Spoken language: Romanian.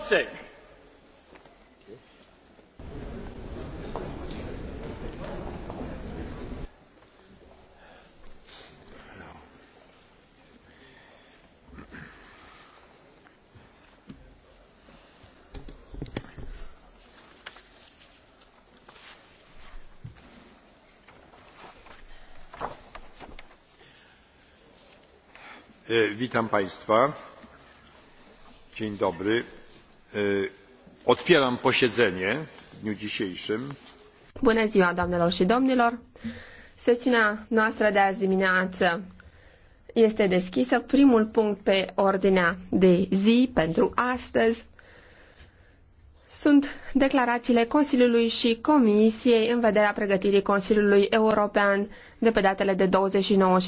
finanțe. witam państwa dzień dobry Otwieram posiedzenie w dniu dzisiejszym. Bună ziua, doamnelor și domnilor! Sesiunea noastră de azi dimineață este deschisă. Primul punct pe ordinea de zi pentru astăzi sunt declarațiile Consiliului și Comisiei în vederea pregătirii Consiliului European de pe datele de 29 și